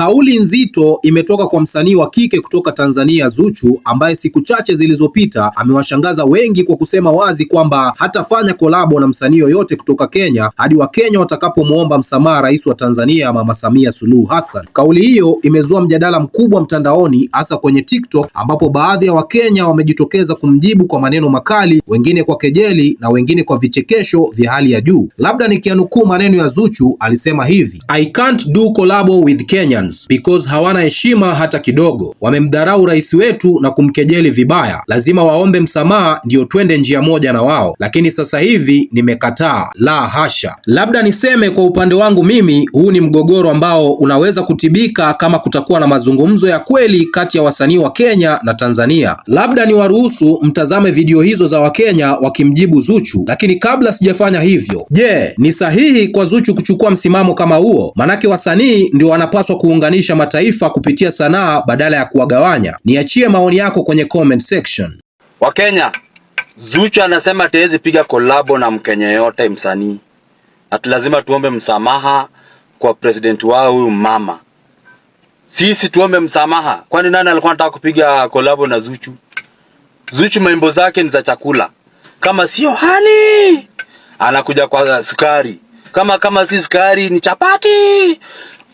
Kauli nzito imetoka kwa msanii wa kike kutoka Tanzania Zuchu, ambaye siku chache zilizopita amewashangaza wengi kwa kusema wazi kwamba hatafanya kolabo na msanii yoyote kutoka Kenya hadi Wakenya watakapomwomba msamaha rais wa Tanzania Mama Samia Suluhu Hassan. Kauli hiyo imezua mjadala mkubwa mtandaoni, hasa kwenye TikTok ambapo baadhi ya Wakenya wamejitokeza kumjibu kwa maneno makali, wengine kwa kejeli na wengine kwa vichekesho vya hali ya juu. Labda nikianukuu maneno ya Zuchu, alisema hivi: I can't do collab with Kenyans Sudan's because hawana heshima hata kidogo. Wamemdharau rais wetu na kumkejeli vibaya, lazima waombe msamaha ndio twende njia moja na wao, lakini sasa hivi nimekataa, la hasha. Labda niseme kwa upande wangu mimi, huu ni mgogoro ambao unaweza kutibika kama kutakuwa na mazungumzo ya kweli kati ya wasanii wa Kenya na Tanzania. Labda niwaruhusu mtazame video hizo za Wakenya wakimjibu Zuchu, lakini kabla sijafanya hivyo, je, ni sahihi kwa Zuchu kuchukua msimamo kama huo? Manake wasanii ndio wanapaswa ku kuunganisha mataifa kupitia sanaa badala ya kuwagawanya? Niachie maoni yako kwenye comment section. Wakenya, Zuchu anasema hatuwezi piga kolabo na Mkenya yote msanii, ati lazima tuombe msamaha kwa president wao huyu mama. Sisi tuombe msamaha, kwani nani alikuwa anataka kupiga kolabo na Zuchu? Zuchu maimbo zake ni za chakula, kama sio hani anakuja kwa sukari, kama kama si sukari ni chapati,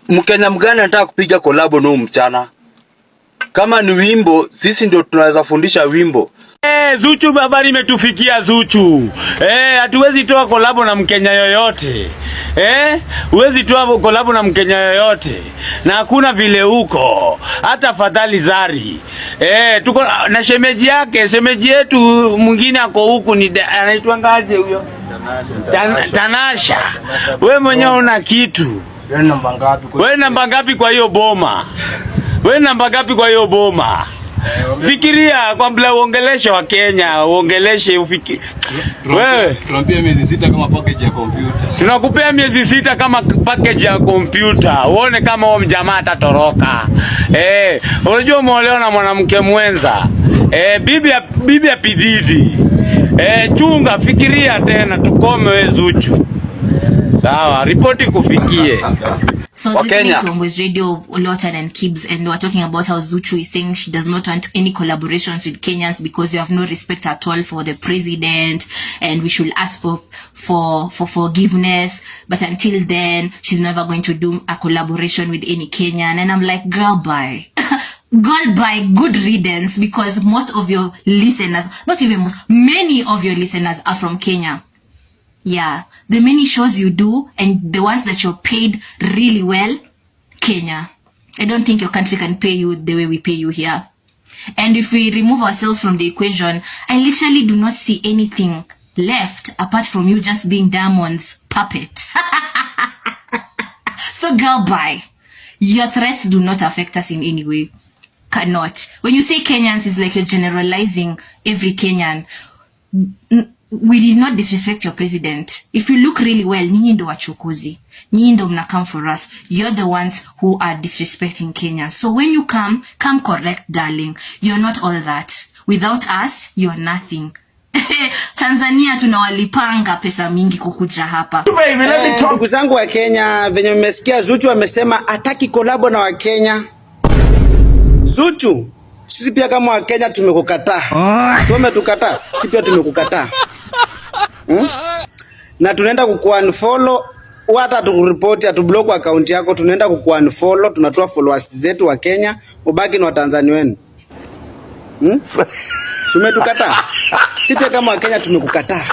Mkenya mgani anataka kupiga kolabo na mchana? Kama ni wimbo, sisi ndio tunaweza fundisha wimbo. Hey, eh, Zuchu habari imetufikia Zuchu. Hey, eh, hatuwezi toa kolabo na Mkenya yoyote. Eh? Huwezi toa kolabo na Mkenya yoyote. Na hakuna vile huko. Hata fadhali Zari. Eh, tuko na shemeji yake, shemeji yetu mwingine ako huku ni anaitwa ngaje huyo? Tanasha. Tanasha. Tanasha. Wewe mwenyewe oh. una kitu. Wewe namba ngapi kwa hiyo boma? Wewe namba ngapi kwa hiyo boma? Fikiria kabla uongeleshe wa Kenya, uongeleshe ufiki. Wewe tunakupea miezi sita kama package ya kompyuta. Tunakupea miezi sita kama package ya kompyuta. Uone kama huo mjamaa atatoroka. Eh, unajua umeolewa na mwanamke mwenza. Eh, bibi ya bibi ya pididi. Eh, chunga, fikiria tena tukome wewe Zuchu. Sawa, ripoti kufikie. So this Wakenya. meeting was radio of Olotan and kibs and we were talking about how Zuchu is saying she does not want any collaborations with Kenyans because we have no respect at all for the president and we should ask for for for forgiveness but until then she's never going to do a collaboration with any Kenyan and I'm like girl bye girl by good riddance because most of your listeners not even most many of your listeners are from Kenya yeah the many shows you do and the ones that you're paid really well kenya i don't think your country can pay you the way we pay you here and if we remove ourselves from the equation i literally do not see anything left apart from you just being diamond's puppet so girl bye your threats do not affect us in any way cannot when you say kenyans it's like you're generalizing every kenyan N we did not disrespect your president. If you look really well, nyinyi ndo wachukuzi. Nyinyi ndo mna come for us. You're the ones who are disrespecting Kenya. So when you come, come correct, darling. You're not all that. Without us, you're nothing. Tanzania tunawalipanga pesa mingi kukuja hapa. Eh, ndugu eh, zangu wa Kenya, venye mmesikia Zuchu amesema ataki kolabo na Wakenya. Zuchu, sisi pia kama Wakenya tumekukataa. Ah. Some tukataa, sisi pia tumekukataa hmm? na tunaenda kukuunfollow hata tukuripoti block account yako, tunaenda kukuunfollow. Tunatoa followers zetu wa Kenya, ubaki na Watanzania wenu hmm? Tumetukataa si pia kama Wakenya tumekukataa,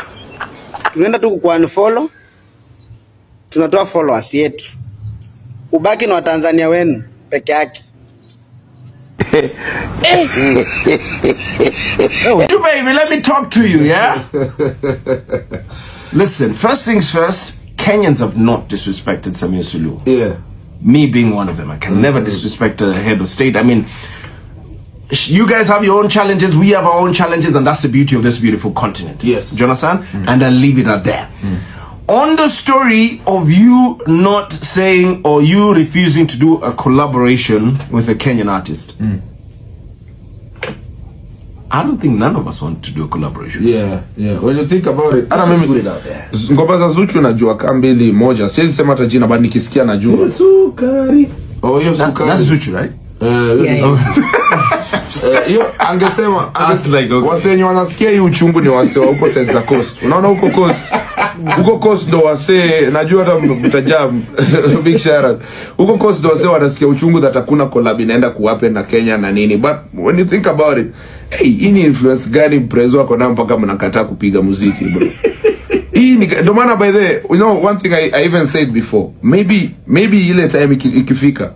tunaenda tu kukuunfollow, tunatoa followers yetu, ubaki na Watanzania wenu peke yake. you baby, let me talk to you, yeah? Listen, first things first, Kenyans have not disrespected Samir Sulu. Yeah. Me being one of them. I can mm -hmm. never mm-hmm. disrespect a head of state. I mean, you guys have your own challenges, we have our own challenges, and that's the beauty of this beautiful continent. Yes. Jonathan, And I leave it at that. Mm. on the story of you not saying or you refusing to do a collaboration with a Kenyan artist. Mm. I don't think none of us want to do a collaboration. Yeah, yeah. When you think about it, hata ah, mimi ngoma za Zuchu najua kama mbili moja. Siwezi sema hata jina bali nikisikia najua. Sukari. Oh, hiyo sukari. That's Zuchu, right? Eh, eh, hiyo angesema, ah, angesema, wasenye wanasikia hii uchungu ni wase wa huko Central Coast. Unaona huko Coast huko Coast ndo wasee, najua hata mtajam big shout huko Coast ndo wasee wanasikia uchungu that hakuna collab inaenda kuwape na Kenya na nini, but when you think about it, hey, hii ni influence gani mprezo wako nao mpaka mnakataa kupiga muziki bro? Hii ni ndo maana by the you know one thing I, I even said before, maybe maybe ile time ikifika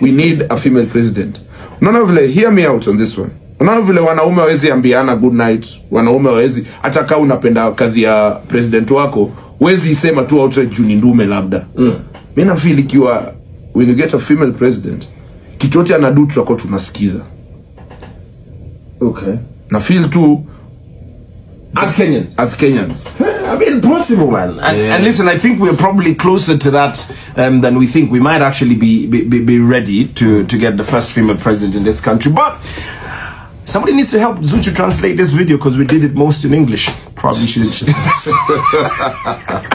we need a female president. None of like, hear me out on this one na vile wanaume hawezi ambiana good night, wanaume hawezi hata kama unapenda kazi ya president wako wezi sema tu outright juu ni ndume labda. Mm. Mimi na feel ikiwa when you get a female president kitu yote anadu tutakuwa tunasikiza. Okay. Na feel tu as Kenyans as Kenyans I mean possible man and, yeah. and listen I think we're probably closer to that um, than we think we might actually be be, be ready to to get the first female president in this country but Somebody needs to help Zuchu translate this video because we did it most in English. Probably should.